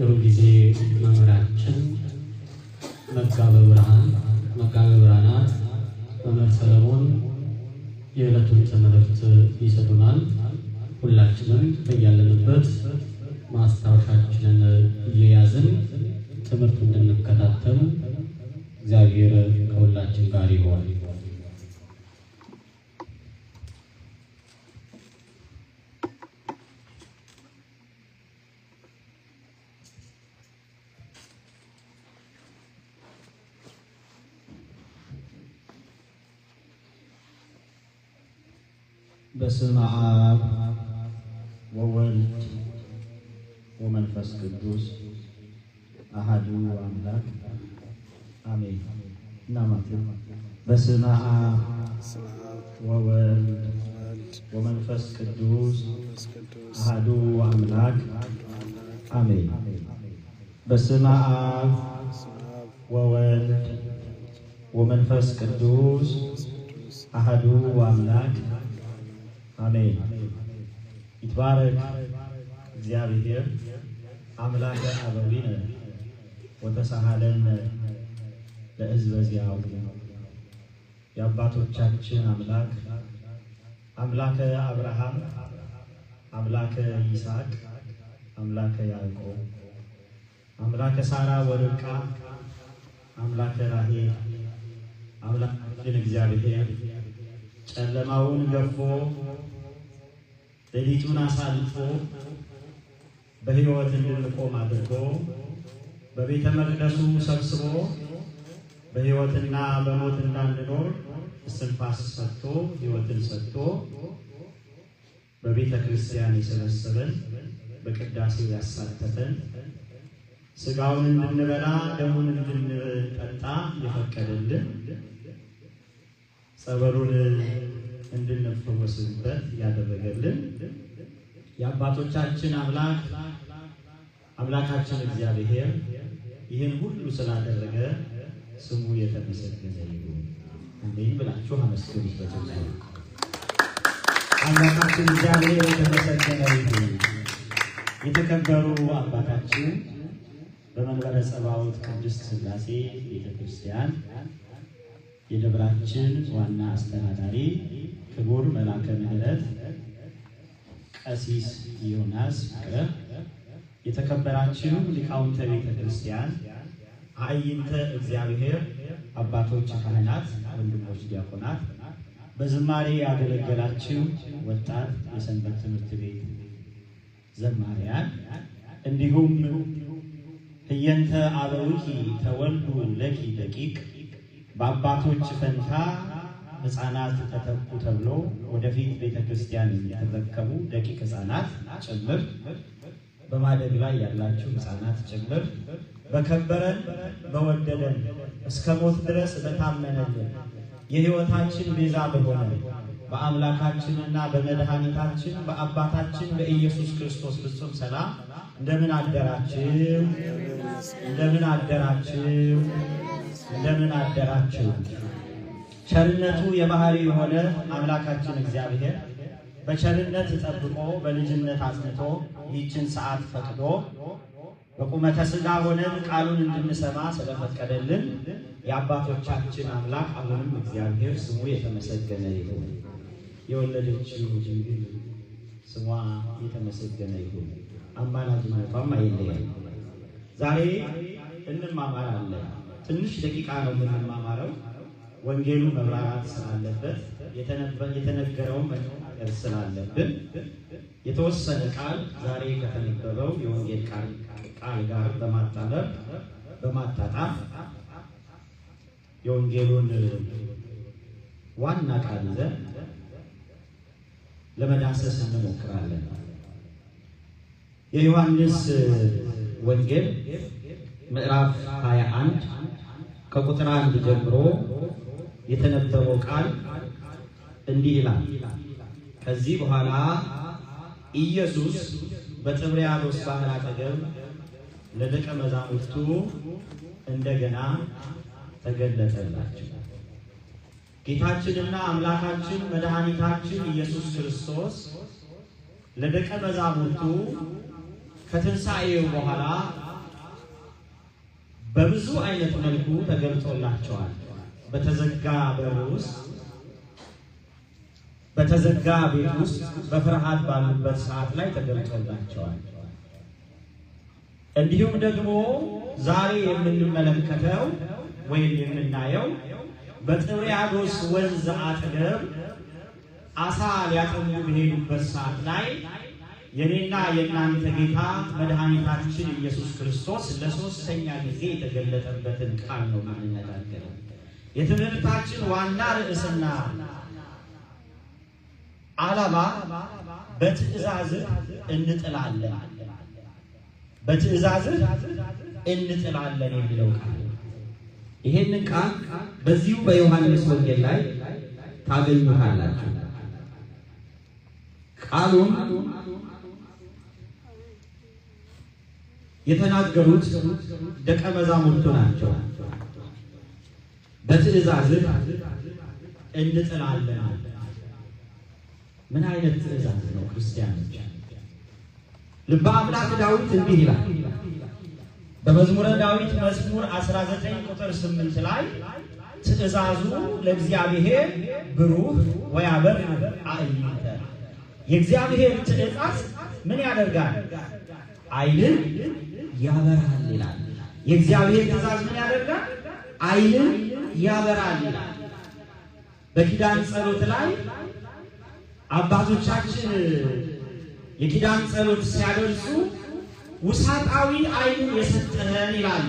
የሁል ጊዜ መምህራችን መጋበ ብርሃን መጋበ ብርሃናት መምህር ሰለሞን የዕለቱን ትምህርት ይሰጡናል። ሁላችንም በያለንበት ማስታወሻችንን እየያዝን ትምህርት እንድንከታተል እግዚአብሔር ከሁላችን ጋር ይሆናል። በስም አብ ወወልድ ወመንፈስ ቅዱስ አሃዱ አምላክ አሜን። እናማት በስም አብ ወወልድ ወመንፈስ ቅዱስ አሃዱ አምላክ አሜን። በስም አብ ወወልድ ወመንፈስ ቅዱስ አሃዱ አምላክ አሜን። ይትባረክ እግዚአብሔር አምላከ አበዊነ ወተሳሃለን ለሕዝበ ዚአሁ። የአባቶቻችን አምላክ አምላከ አብርሃም፣ አምላከ ይስሐቅ፣ አምላከ ያዕቆብ፣ አምላከ ሳራ ወርቃ፣ አምላከ ራሄል፣ አምላካችን እግዚአብሔር ጨለማውን ገፎ ሌሊቱን አሳልፎ በሕይወት እንድንቆም አድርጎ በቤተ መቅደሱ ሰብስቦ በሕይወትና በሞት እንዳንኖር እስትንፋስ ሰጥቶ ሕይወትን ሰጥቶ በቤተ ክርስቲያን የሰበሰበን በቅዳሴው ያሳተተን ስጋውን እንድንበላ ደሙን እንድንጠጣ የፈቀደልን ጸበሉን እንድንፈወስበት ያደረገልን የአባቶቻችን አምላክ አምላካችን እግዚአብሔር ይህን ሁሉ ስላደረገ ስሙ የተመሰገነ ይሁን። አሜን ብላችሁ አመስግኑት። አምላካችን እግዚአብሔር የተመሰገነ ይሁን። የተከበሩ አባታችን በመንበረ ጸባዖት ቅድስት ሥላሴ ቤተክርስቲያን የደብራችን ዋና አስተዳዳሪ ክቡር መላከ ምሕረት ቀሲስ ዮናስ ፍቅረ፣ የተከበራችሁ ሊቃውንተ ቤተ ክርስቲያን፣ አዕይንተ እግዚአብሔር አባቶች ካህናት፣ ወንድሞች ዲያቆናት፣ በዝማሬ ያገለገላችሁ ወጣት የሰንበት ትምህርት ቤት ዘማሪያን እንዲሁም ህየንተ አበውኪ ተወልዱ ለኪ ደቂቅ በአባቶች ፈንታ ህፃናት ተተኩ ተብሎ ወደፊት ቤተ ክርስቲያን የተረከቡ ደቂቅ ህፃናት ጭምር በማደግ ላይ ያላችሁ ህፃናት ጭምር በከበረን በወደደን እስከ ሞት ድረስ በታመነልን የህይወታችን ቤዛ በሆነ በአምላካችንና በመድኃኒታችን በአባታችን በኢየሱስ ክርስቶስ ፍጹም ሰላም እንደምን አደራችሁ? እንደምን አደራችሁ? እንደምን አደራችሁ። ቸርነቱ የባህሪ የሆነ አምላካችን እግዚአብሔር በቸርነት ጠብቆ በልጅነት አጽንቶ ይህችን ሰዓት ፈቅዶ በቁመተ ሥጋ ሆነን ቃሉን እንድንሰማ ስለፈቀደልን የአባቶቻችን አምላክ አሁንም እግዚአብሔር ስሙ የተመሰገነ ይሁን። የወለደችው ድንግል ስሟ የተመሰገነ ይሁን። አማላጅነቷም አይለያል። ዛሬ እንማማራለን። ትንሽ ደቂቃ ነው የምንማማረው። ወንጌሉ መብራራት ስላለበት የተነገረውን መናገር ስላለብን የተወሰነ ቃል ዛሬ ከተነበበው የወንጌል ቃል ጋር በማጣመር በማጣጣም የወንጌሉን ዋና ቃል ይዘን ለመዳሰስ እንሞክራለን። የዮሐንስ ወንጌል ምዕራፍ 21 ከቁጥር አንድ ጀምሮ የተነበበው ቃል እንዲህ ይላል። ከዚህ በኋላ ኢየሱስ በጥብርያዶስ ባህር አጠገብ ለደቀ መዛሙርቱ እንደገና ተገለጠላቸው። ጌታችንና አምላካችን መድኃኒታችን ኢየሱስ ክርስቶስ ለደቀ መዛሙርቱ ከትንሣኤው በኋላ በብዙ አይነት መልኩ ተገልጾላቸዋል። በተዘጋ በር ውስጥ በተዘጋ ቤት ውስጥ በፍርሃት ባሉበት ሰዓት ላይ ተገልጾላቸዋል። እንዲሁም ደግሞ ዛሬ የምንመለከተው ወይም የምናየው በጥብርያዶስ ወንዝ አጠገብ አሳ ሊያጠሙ በሄዱበት ሰዓት ላይ የኔና የእናንተ ጌታ መድኃኒታችን ኢየሱስ ክርስቶስ ለሶስተኛ ጊዜ የተገለጠበትን ቃል ነው የምንነጋገረው። የትምህርታችን ዋና ርዕስና ዓላማ በትእዛዝህ እንጥላለን፣ በትእዛዝህ እንጥላለን የሚለው ቃል ይህን ቃል በዚሁ በዮሐንስ ወንጌል ላይ ታገኙታላችሁ ቃሉን የተናገሩት ደቀ መዛሙርቱ ናቸው። በትእዛዝ እንጥላለን። ምን አይነት ትእዛዝ ነው? ክርስቲያኖች ልበ አምላክ ዳዊት እንዲህ ይላል በመዝሙረ ዳዊት መዝሙር 19 ቁጥር 8 ላይ ትእዛዙ ለእግዚአብሔር ብሩህ ወያበር አእይንተ የእግዚአብሔር ትእዛዝ ምን ያደርጋል? አይልን ያበራል ይላል። የእግዚአብሔር ትእዛዝ ምን ያደርጋል? አይንን ያበራል ይላል። በኪዳን ጸሎት ላይ አባቶቻችን የኪዳን ጸሎት ሲያደርሱ ውሳጣዊ አይን የሰጠህን ይላል።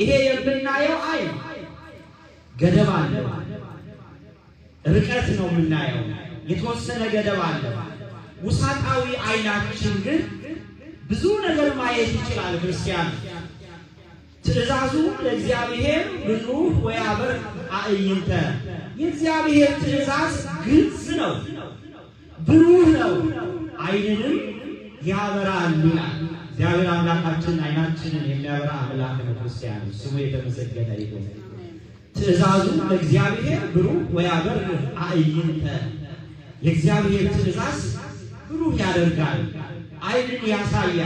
ይሄ የምናየው አይን ገደብ አለው፣ ርቀት ነው የምናየው የተወሰነ ገደብ አለው። ውሳጣዊ አይናችን ግን ብዙ ነገር ማየት ይችላል ክርስቲያን። ትእዛዙ ለእግዚአብሔር ብሩህ ወያበር አእይንተ የእግዚአብሔር ትእዛዝ ግልጽ ነው፣ ብሩህ ነው፣ አይንንም ያበራል እግዚአብሔር አምላካችን አይናችንን የሚያበራ አምላክ ነው። ክርስቲያን ስሙ የተመሰገነ ይሁን። ትእዛዙ ለእግዚአብሔር ብሩህ ወያበር አእይንተ የእግዚአብሔር ትእዛዝ ብሩህ ያደርጋል። አይንን ያሳያል።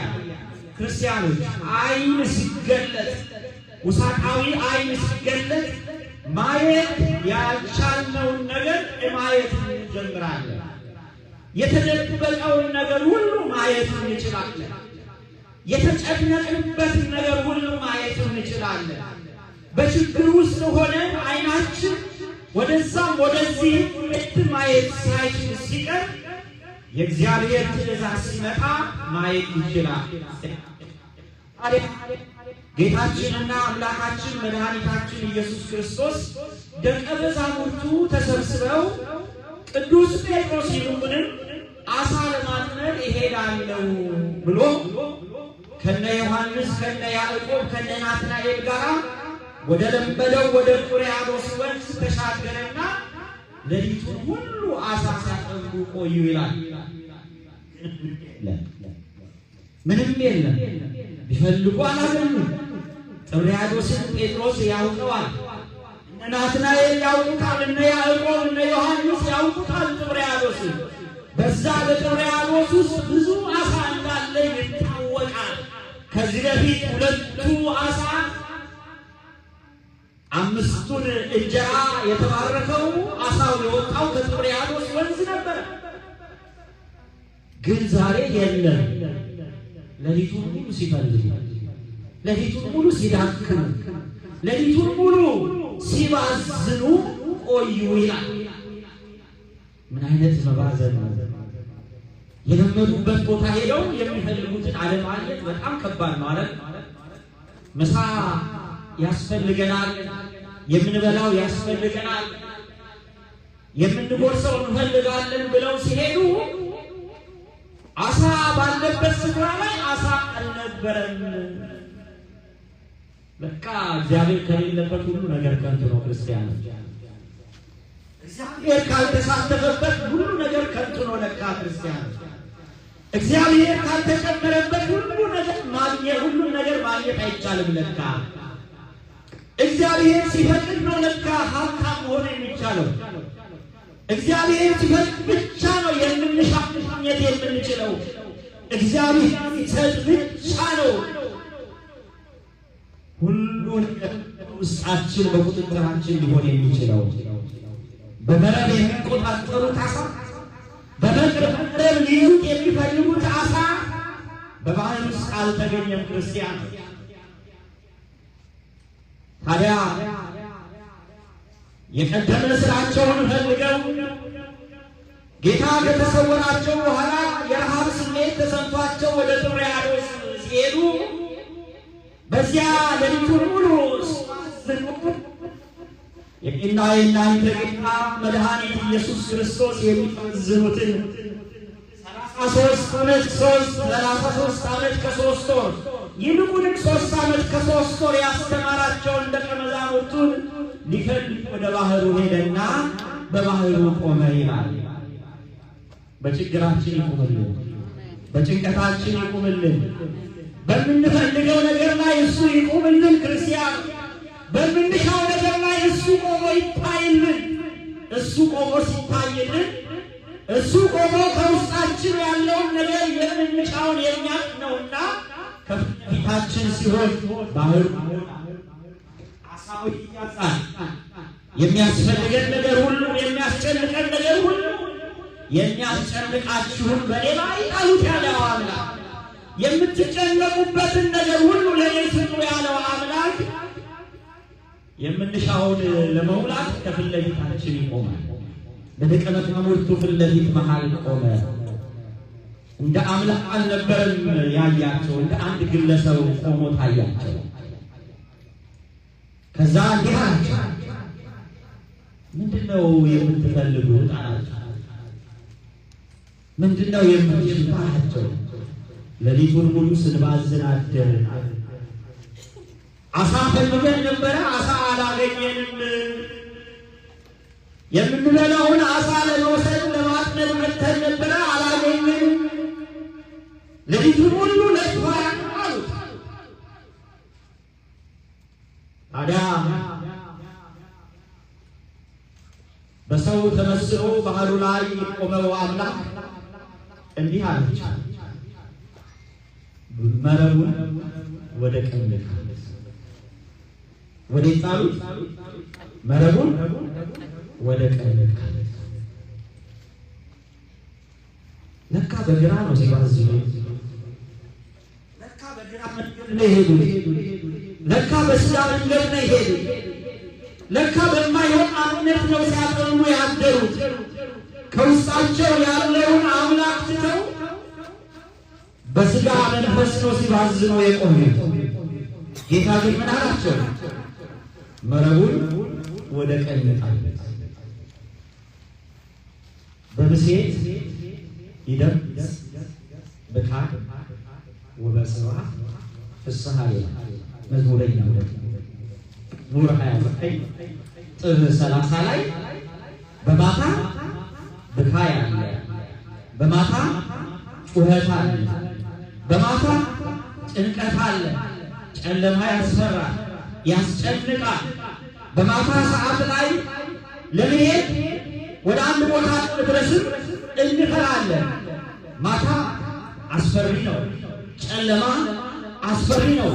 ክርስቲያኖች አይን ሲገለጥ ውሳጣዊ አይን ሲገለጥ ማየት ያልቻልነውን ነገር ማየት እንጀምራለን። የተደበቀውን ነገር ሁሉ ማየት እንችላለን። የተጨነቅንበትን ነገር ሁሉ ማየት እንችላለን። በችግር ውስጥ ሆነ አይናችን ወደዛም ወደዚህ ማየት ሳይችል ሲቀር የእግዚአብሔር ትእዛዝ ሲመጣ ማየት ይችላል። ጌታችንና አምላካችን መድኃኒታችን ኢየሱስ ክርስቶስ ደቀ መዛሙርቱ ተሰብስበው ቅዱስ ጴጥሮስ ይልቁንም አሳ ለማጥመድ እሄዳለሁ ብሎ ከነ ዮሐንስ ከነ ያዕቆብ ከነ ናትናኤል ጋር ወደ ለመደው ወደ ቁርያዶስ ወንዝ ተሻገረና ሌሊቱን ሁሉ አሳ ሲያጠምዱ ቆዩ ይላል። ምንም የለም፣ ቢፈልጉ አላገኙም። ጥብርያዶስን ጴጥሮስ ያውቀዋል፣ እነ ናትናኤል ያውቁታል፣ እነ ያዕቆብ እነ ዮሐንስ ያውቁታል። ጥብርያዶስን በዛ በጥብርያዶስ ውስጥ ብዙ አሳ እንዳለ ይታወቃል። ከዚህ በፊት ሁለቱ አሳ አምስቱን እንጀራ የተባረከው አሳው የወጣው ከጥብርያዶስ ወንዝ ነበረ። ግን ዛሬ የለም። ለሊቱን ሙሉ ሲፈልጉ፣ ለሊቱን ሙሉ ሲዳክሙ፣ ለሊቱን ሙሉ ሲባዝኑ ቆዩ ይላል። ምን አይነት መባዘን ነው! የለመዱበት ቦታ ሄደው የሚፈልጉትን አለማግኘት በጣም ከባድ ነው። ምሳ ያስፈልገናል የምንበላው ያስፈልገናል፣ የምንጎርሰው እንፈልጋለን ብለው ሲሄዱ አሳ ባለበት ስፍራ ላይ አሳ አልነበረም። በቃ እግዚአብሔር ከሌለበት ሁሉ ነገር ከንቱ ነው። ክርስቲያን እግዚአብሔር ካልተሳተፈበት ሁሉ ነገር ከንቱ ነው። ለካ ክርስቲያን እግዚአብሔር ካልተጨመረበት ሁሉ ነገር ማግኘት ነገር ማግኘት አይቻልም ለካ እግዚአብሔር ሲፈልግ ነው ለካ ሀብታም ሆነ የሚቻለው። እግዚአብሔር ሲፈልግ ብቻ ነው የምንሻምኘት የምንችለው። እግዚአብሔር ሲሰጥ ብቻ ነው ሁሉን ውስጣችን በቁጥጥራችን ሊሆን የሚችለው። በመረብ የሚቆጣጠሩት አሳ፣ በመረብ ሊይዙት የሚፈልጉት አሳ በባህር ውስጥ አልተገኘም ክርስቲያን ታዲያ የቀደመ ስራቸውን ፈልገው ጌታ ከተሰወራቸው በኋላ የረሃብ ስሜት ተሰምቷቸው ወደ ጥብርያዶስ ሲሄዱ በዚያ ሌሊቱን ሙሉ የኔና የእናንተ ጌታ መድኃኒት ኢየሱስ ክርስቶስ የሚፈዝኑትን ሰላሳ ሶስት ዓመት ከሶስት ወር ይልቁንም ሶስት ዓመት ከሶስት ወር ያስተማራቸውን ደቀ መዛሙርቱን ሊፈልግ ወደ ባህሩ ሄደና በባህሩ ቆመ ይላል። በችግራችን ይቁምልን፣ በጭንቀታችን ይቁምልን፣ በምንፈልገው ነገር ላይ እሱ ይቁምልን። ክርስቲያን በምንሻው ነገር ላይ እሱ ቆሞ ይታይልን። እሱ ቆሞ ሲታይልን እሱ ቆሞ ከውስጣችን ያለውን ነገር የምንሻውን የኛ ነውና ጌታችን ሲሆን ባህር አሳዊ እያጻል የሚያስፈልገን ነገር ሁሉ የሚያስጨንቀን ነገር ሁሉ የሚያስጨንቃችሁን በሌላ ይጣሉት ያለው አምላክ የምትጨነቁበትን ነገር ሁሉ ለእኔ ስጡ ያለው አምላክ የምንሻውን ለመውላት ከፊት ለፊታችን ይቆማል። በደቀ መዛሙርቱ ፊት ለፊት መሃል ቆመ። እንደ አምላክ አልነበረም ያያቸው፣ እንደ አንድ ግለሰብ ቆሞ ታያቸው። ከዛ እንዲህ አላቸው፣ ምንድነው የምትፈልጉት አላቸው። ምንድነው የምትችሉት አላቸው። ሌሊቱን ሙሉ ስንባዝን አደርን። አሳ ፈልገን ነበረ፣ አሳ አላገኘንም። የምንበላውን አሳ ለመውሰድ ለማጥመድ መተን ነበረ ለሕዝብ ሁሉ ለቅሶ ያቅርባሉት። ታዲያ በሰው ተመስሎ ባህሉ ላይ የቆመው አምላክ እንዲህ አለች፣ መረቡን ወደ ቀኝ ልካለች። ወደ ጣሉት መረቡን ወደ ቀኝ ልካለች። ለካ በግራ ነው ሲባዝ በግራ መንገድ ነው ይሄዱ። ለካ በስጋ መንገድ ነው ይሄዱ። ለካ በማይሆን አምነት ነው ሲያጠሙ ያደሩት። ከውስጣቸው ያለውን አምላክ ትተው በስጋ መንፈስ ነው ሲባዝኑ የቆዩት። ጌታ ግን ምን አላቸው? መረቡን ወደ ቀኝ ጣሉት። በምሴት ይደም በካ ወበስራ ፍስሐ መዝሙረኛው ደግሞ ኑር 29 ጥር 30 ላይ በማታ ብካ አለ፣ በማታ ጩኸት አለ፣ በማታ ጭንቀት አለ። ጨለማ ያስፈራል፣ ያስጨንቃል። በማታ ሰዓት ላይ ለመሄድ ወደ አንድ ቦታ ድረስም እንፈራለን። ማታ አስፈሪ ነው። ጨለማ አስፈሪ ነው።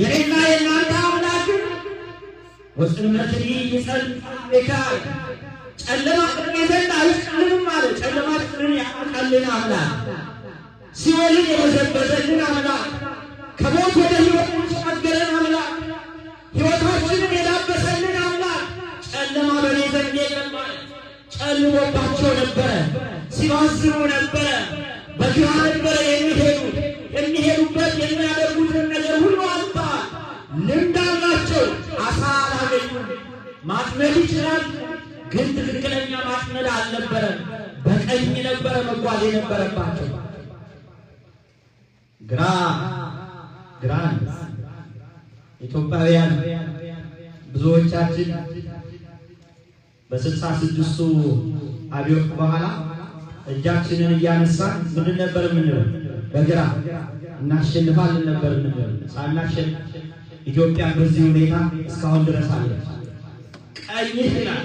የኔና የእናንተ አምላክ ወጽልመትኒ ይጸልቃል ጨለማ ቅድሜ ዘንድ አይጨልምም አለ። ጨለማ ቅድሜ ያቃልን አምላክ ሲወልን የበዘበዘልን አምላክ ከሞት ወደ ሕይወት የተሻገረን አምላክ ሕይወታችንን የላበሰልን አምላክ ጨለማ በኔ ዘንድ የለም። ጨልሞባቸው ነበረ፣ ሲባዝኑ ነበረ፣ በግራ ነበረ የሚ ሊገድል ይችላል፣ ግን ትክክለኛ ማሽመል አልነበረም። በቀኝ ነበረ መጓዝ የነበረባቸው። ግራ ግራ ኢትዮጵያውያን ብዙዎቻችን በስልሳ ስድስቱ አብዮት በኋላ እጃችንን እያነሳን ምንድን ነበር የምንለው? በግራ እናሸንፋለን ነበር የምንለው። ሳናሸንፍ ኢትዮጵያ በዚህ ሁኔታ እስካሁን ድረስ አለች። ቀይስናል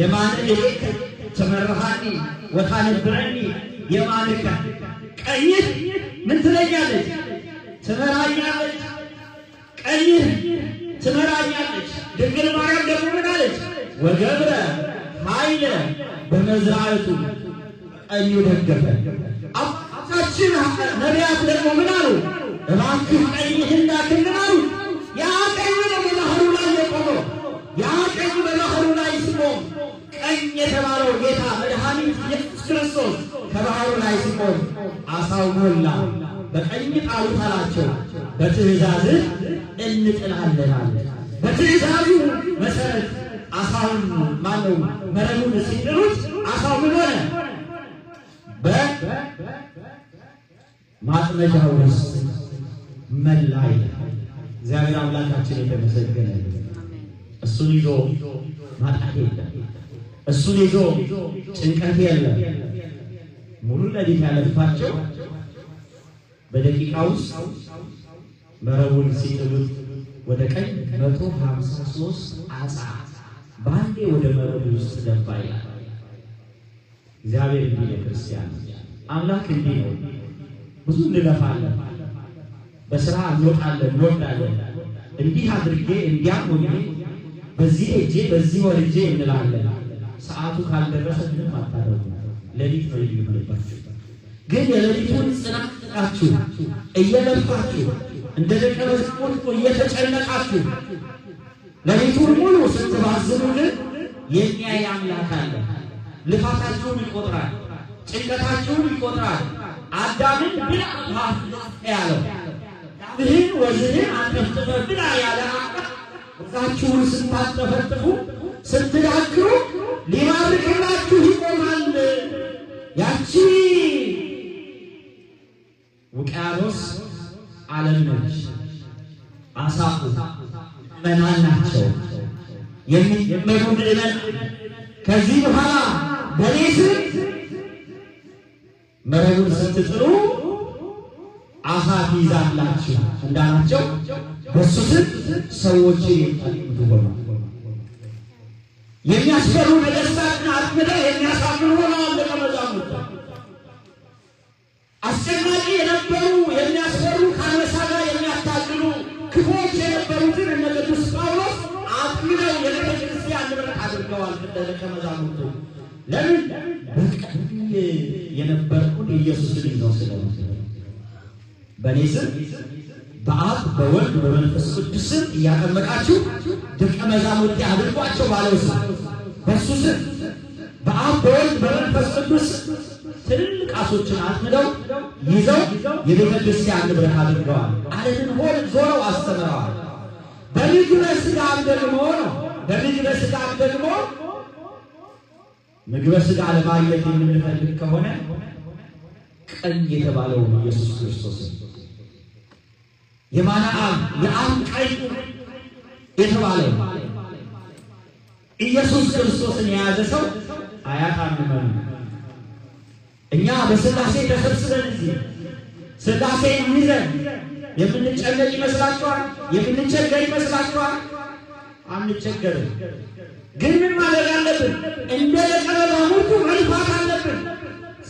የማነ ኢሌከ ትመርሃኒ ወታነብረኒ የማንከ ቀይህ ምን ትለኛለች? ትመራኛለች። ቀይህ ትመራኛለች። ድንግል ማርያም ደግሞ ምን አለች? ወገብረ ኃይለ በመዝራዕቱ ቀኙ ደገፈ። አባታችን ነቢያት ደግሞ ምን አሉ? እባክህ ቀይህ እንዳክል ምን አሉ? ቅኝ የተባለው ጌታ መድኃኒት ኢየሱስ ክርስቶስ ከባህሩ ላይ ሲቆም አሳው ሞላ። በቀኝ ጣሉት አላቸው፣ በትእዛዝህ እንጥላለን በትእዛዙ መሰረት አሳውን ማነው መረቡን ሲጥሉት አሳው ምን ሆነ? በማጥመጃው ውስጥ መላ እግዚአብሔር አምላካችን የተመሰገነ እሱን ይዞ ማጣት የለም። እሱን ይዞ ጭንቀት የለም። ሙሉ ለሊት ያለፋቸው በደቂቃ ውስጥ መረቡን ሲጥሉት ወደ ቀኝ መቶ ሀምሳ ሶስት አሳ በአንዴ ወደ መረቡ ውስጥ ገባ ይላል። እግዚአብሔር እንዲህ አምላክ እንዲህ ነው። ብዙ እንለፋለን፣ በስራ እንወጣለን፣ እንዲህ አድርጌ እንዲያ ሆኜ በዚህ እጄ በዚህ ወርጄ እንላለን ሰዓቱ ካልደረሰ ምንም አታደርጉ። ሌሊት ነው የሚሆንባችሁ። ግን የሌሊቱን ጽናታችሁ እየለፋችሁ እንደ ደቀ መዛሙርቱ እየተጨነቃችሁ ሌሊቱን ሙሉ ስትባዝኑ ግን የሚያይ አምላክ አለ። ልፋታችሁን ይቆጥራል፣ ጭንቀታችሁን ይቆጥራል። አዳምን ብላ ያለው ይህን ወዝህን አንጠፍጥፈ ብላ ያለ አቃ ወዛችሁን ስታጠፈጥፉ ስትዳክሩ ሊባርክላችሁ ይቆማል። ያቺ ውቅያኖስ ዓለም ነች። አሳፉ መናን ናቸው የሚመሩ ምዕመን ከዚህ በኋላ ስም መረቡን እንዳላቸው በሱ ስም ሰዎች የሚያስፈሩ ነገስታትን አጥምደህ የሚያሳምኑ ሆነዋል። ደቀ መዛሙርት አስጨናቂ የነበሩ የሚያስፈሩ ከአንበሳ ጋር የሚያታግሉ ክፉዎች የነበሩትን እነ ቅዱስ ጳውሎስ አጥምደው የቤተ ክርስቲያን ንብረት አድርገዋል። ደቀ መዛሙርቱ ለምን በቀኝ የነበርኩን የኢየሱስ ልጅ ስለ በእኔ ስም በአብ በወልድ በመንፈስ ቅዱስ ስም እያጠመቃችሁ ደቀ መዛሙርቴ አድርጓቸው ባለው ስም በእሱ ስም በአብ በወልድ በመንፈስ ቅዱስ ትልልቅ አሶችን አጥምደው ይዘው የቤተ ክርስቲያን ንብረት አድርገዋል። ዓለምን ሆን ዞረው አስተምረዋል። በልጁ ሥጋም ደግሞ ነው በምግበ ሥጋም ደግሞ ምግበ ስጋ ለማግኘት የምንፈልግ ከሆነ ቀኝ የተባለውን ኢየሱስ ክርስቶስን የባለአብ የአንቃይ የተባለ ኢየሱስ ክርስቶስን የያዘ ሰው አያታምመን። እኛ በስላሴ ተሰብስበን እዚህ ስላሴ ይዘን የምንጨነቅ ይመስላችኋል? የምንቸገር ይመስላችኋል? አንቸገርም። ግን ምን ማድረግ አለብን? እንደ ደቀ መዛሙርቱ መልፋት አለብን።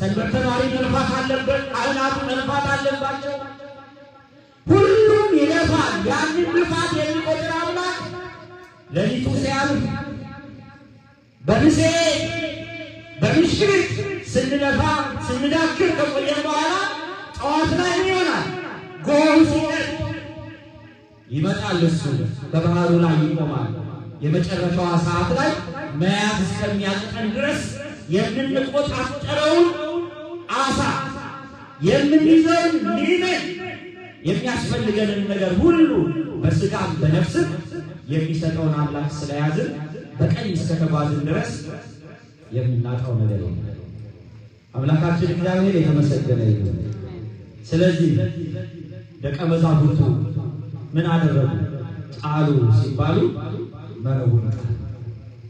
ሰንበት ተማሪ መልፋት አለበት። አእላቱ መልፋት አለባቸው። ይለፋል። ያንን ልፋት የሚቆጥር አምላክ ሌሊቱ ሲያልፍ በምሴ በምሽግር ስንለፋ ስንዳክር ከቆየን በኋላ ጠዋት ላይ ይሆናል ጎህ ሲነድ ይመጣል። እሱ በባህሩ ላይ ይቆማል። የመጨረሻዋ ሰዓት ላይ መያዝ እስከሚያቅተን ድረስ የምንቆጣጠረውን አሳ የምንይዘውን ሊመን የሚያስፈልገንን ነገር ሁሉ በስጋም በነፍስም የሚሰጠውን አምላክ ስለያዝን በቀኝ እስከተጓዝን ድረስ የምናጣው ነገር የለም። አምላካችን እግዚአብሔር የተመሰገነ ይሁን። ስለዚህ ደቀ መዛሙርቱ ምን አደረጉ? ጣሉ ሲባሉ መረቡን ጣሉ።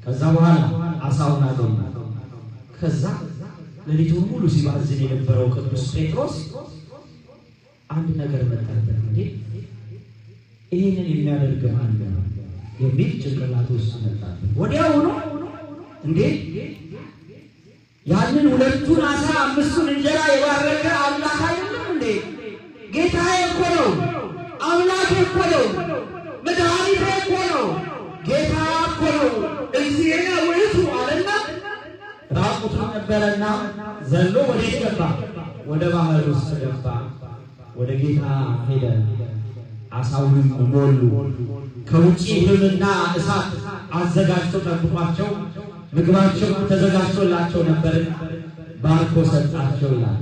ከዛ በኋላ አሳውን አገኙ። ከዛ ሌሊቱን ሙሉ ሲባዝን የነበረው ቅዱስ ጴጥሮስ አንድ ነገር መጣበት እንዴ ይህንን የሚያደርግ ማን ነው የሚል ጭንቅላት ውስጥ መጣበት። ወዲያውኑ እንዴ ያንን ሁለቱን አሳ አምስቱን እንጀራ የባረከ አምላክ አይደለም እንዴ? ጌታዬ እኮ ነው፣ አምላክ እኮ ነው፣ መድኃኒት እኮ ነው፣ ጌታ እኮ ነው፣ እግዚአብሔር ወይቱ አለና ራቁቱ ነበረና ዘሎ ወደ ገባ ወደ ባህር ውስጥ ገባ። ወደ ጌታ ሄደ። አሳውን ሞሉ። ከውጪ ህምና እሳት አዘጋጅቶ ጠብቋቸው፣ ምግባቸው ተዘጋጅቶላቸው ነበር። ባርኮ ሰጣቸው ይላል።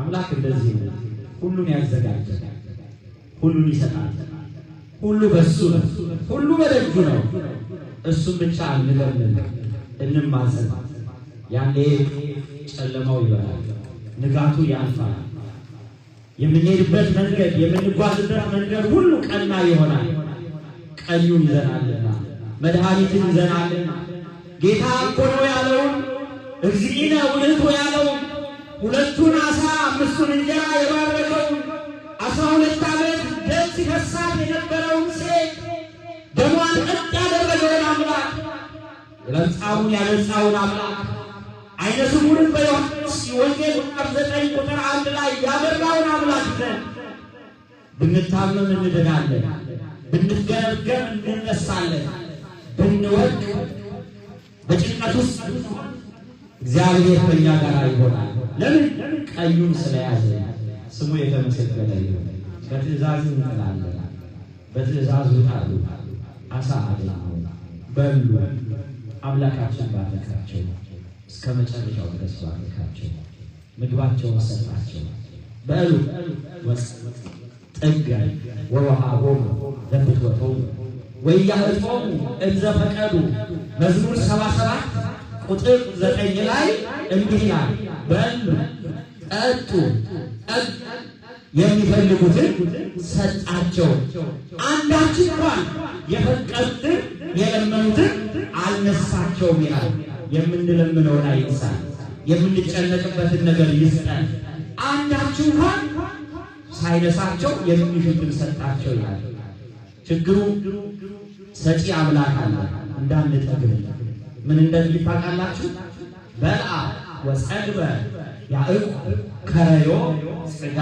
አምላክ እንደዚህ ነው። ሁሉን ያዘጋጀ ሁሉን ይሰጣል። ሁሉ በሱ ነው። ሁሉ በደጁ ነው። እሱም ብቻ እንለምን፣ እንማዘን። ያኔ ጨለማው ይበራል፣ ንጋቱ ያልፋል። የምንሄድበት መንገድ የምንጓዝበት መንገድ ሁሉ ቀና ይሆናል። ቀኙ ይዘናልና መድኃኒትን ይዘናልና ጌታ እኮ ነው ያለውን እግዚእነ ውእቱ ያለውን ሁለቱን አሳ አምስቱን እንጀራ የባረከውን አስራ ሁለት ዓመት ደም ሲፈሳት የነበረውን ሴት ደሟን ቀጥ ያደረገውን አምላክ ለምጻሙን ያነጻውን አምላክ አይነ ስውርን በዮሐንስ ወንጌል ምዕራፍ ዘጠኝ ቁጥር አንድ ላይ ያበራውን አምላክ ዘንድ ብንታመም እንደዳለን፣ ብንገረገም እንነሳለን፣ ብንወድ በጭንቀት ውስጥ እግዚአብሔር ከእኛ ጋር ይሆናል። ለምን? ቀዩን ስለያዘ ስሙ የተመሰገነ ይሁን። በትእዛዙ እንጥላለን፣ በትእዛዙ ጣሉ፣ አሳ አድናው በሉ። አምላካችን ባረካቸው። እስከ መጨረሻው ድረስ ባረካቸው፣ ምግባቸውን ሰጣቸው። በሉ ወስ ጠጋ ወወሃቦሙ ለብትወቶሙ ወኢያሕልፎሙ እምዘ ፈቀዱ መዝሙር ሰባ ሰባት ቁጥር ዘጠኝ ላይ እንዲህ ይላል። በሉ ጠጡ፣ የሚፈልጉትን ሰጣቸው። አንዳች እንኳን የፈቀዱትን የለመኑትን አልነሳቸውም ይላል። የምንለምነውን አይንሳን፣ የምንጨነቅበትን ነገር ይስጠን። አንዳችሁ እንኳን ሳይነሳቸው የሚሹትን ሰጣቸው ይላል። ችግሩ ሰጪ አምላክ አለ እንዳንጠግብ ምን እንደሚታቃላችሁ በልአ ወጸግበ ያዕቆብ ከረዮ ጽጋ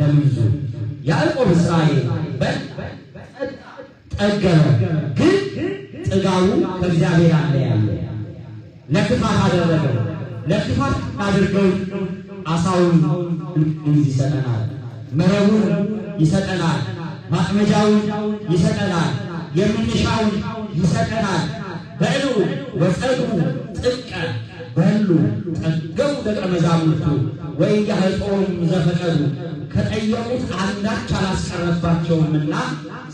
ለምዙ ያዕቆብ እስራኤል በል ጠገበ፣ ግን ጥጋቡ ከእግዚአብሔር አለ ያለ ለክፋት አደረገው። ለክፋት አድርገው አሳውን ይሰጠናል፣ መረቡን ይሰጠናል፣ ማጥመጃውን ይሰጠናል፣ የምንሻውን ይሰጠናል። በሉ ወጸዱ ጥብቀ በሉ ጠገቡ ደቀ መዛሙርቱ ወኢያሕጽኦም ዘፈቀዱ ከጠየቁት አንዳች አላስቀረባቸውምና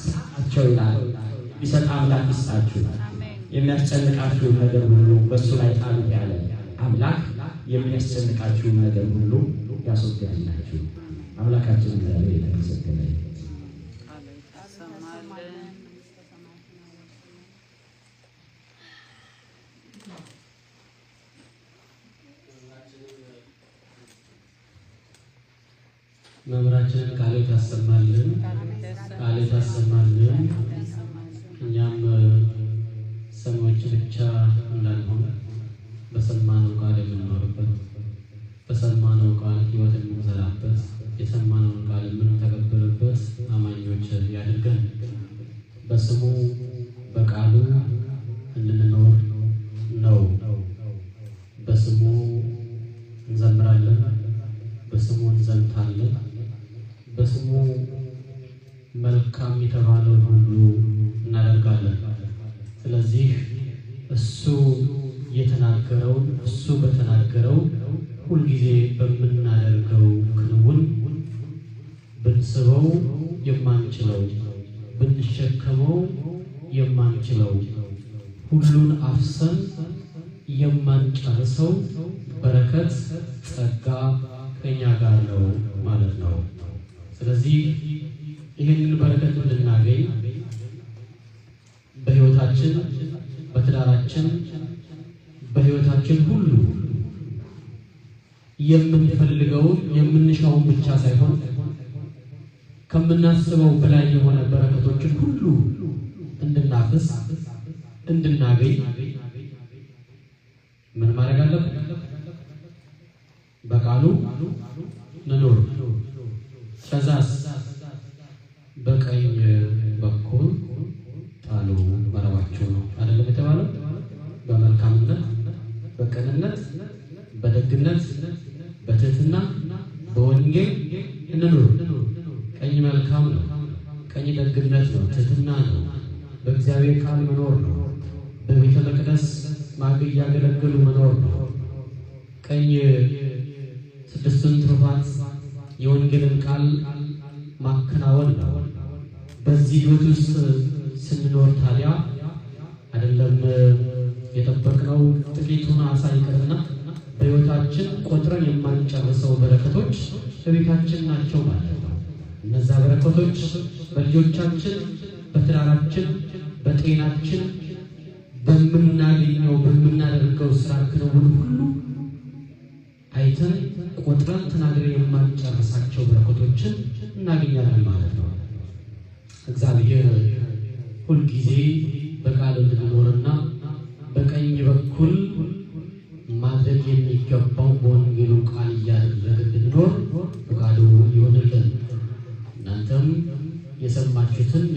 ሰጣቸው ይላል። ይሰጥ አምላክ ይስጣችሁ። የሚያስጨንቃችሁን ነገር ሁሉ በእሱ ላይ ጣሉ ያለ አምላክ የሚያስጨንቃችሁን ነገር ሁሉ ያስወግዳላችሁ። አምላካችን ያለ የተመሰገነ መምህራችንን ቃል ታሰማልን ቃል ታሰማልን እኛም ሰሚዎች ብቻ እንዳልሆነ በሰማነው ቃል የምንኖርበት በሰማነው ቃል ሕይወት የምንዘራበት የሰማነውን ቃል የምንተገብርበት አማኞች ያድርገን። በስሙ በቃሉ እንድንኖር ነው። በስሙ እንዘምራለን፣ በስሙ እንዘምታለን፣ በስሙ መልካም የተባለውን ሁሉ እናደርጋለን። ስለዚህ እሱ የተናገረውን እሱ በተናገረው ሁልጊዜ በምናደርገው ክንውን ብንስበው የማንችለው ብንሸከመው የማንችለው ሁሉን አፍሰን የማንጨርሰው በረከት ጸጋ ከኛ ጋር ነው ማለት ነው። ስለዚህ ይህንን በረከት እንድናገኝ በህይወታችን፣ በትዳራችን፣ በህይወታችን ሁሉ የምንፈልገውን የምንሻውን ብቻ ሳይሆን ከምናስበው በላይ የሆነ በረከቶችን ሁሉ እንድናፍስ እንድናገኝ ምን ማድረግ አለብን? በቃሉ ንኖር ከዛስ በቀኝ ደግነት፣ በትህትና፣ በወንጌል እንኑር። ቀኝ መልካም ነው። ቀኝ ደግነት ነው፣ ትህትና ነው፣ በእግዚአብሔር ቃል መኖር ነው፣ በቤተ መቅደስ ማግ እያገለገሉ መኖር ነው። ቀኝ ስድስቱን ትሩፋት የወንጌልን ቃል ማከናወን ነው። በዚህ ሕይወት ውስጥ ስንኖር ታዲያ አይደለም የጠበቅነው ጥቂቱን አሳ ይቅርና በሕይወታችን ቆጥረን የማንጨርሰው በረከቶች በቤታችን ናቸው ማለት ነው። እነዛ በረከቶች በልጆቻችን፣ በትዳራችን፣ በጤናችን በምናገኘው በምናደርገው ስራ ክንውን ሁሉ አይተን ቆጥረን ተናግረን የማንጨርሳቸው በረከቶችን እናገኛለን ማለት ነው። እግዚአብሔር ሁልጊዜ በቃል እንድንኖርና ማድረግ የሚገባው በወንጌሉ ቃል እያደረግ እንድንኖር ፈቃዱ ይሆንልን። እናንተም የሰማችሁትን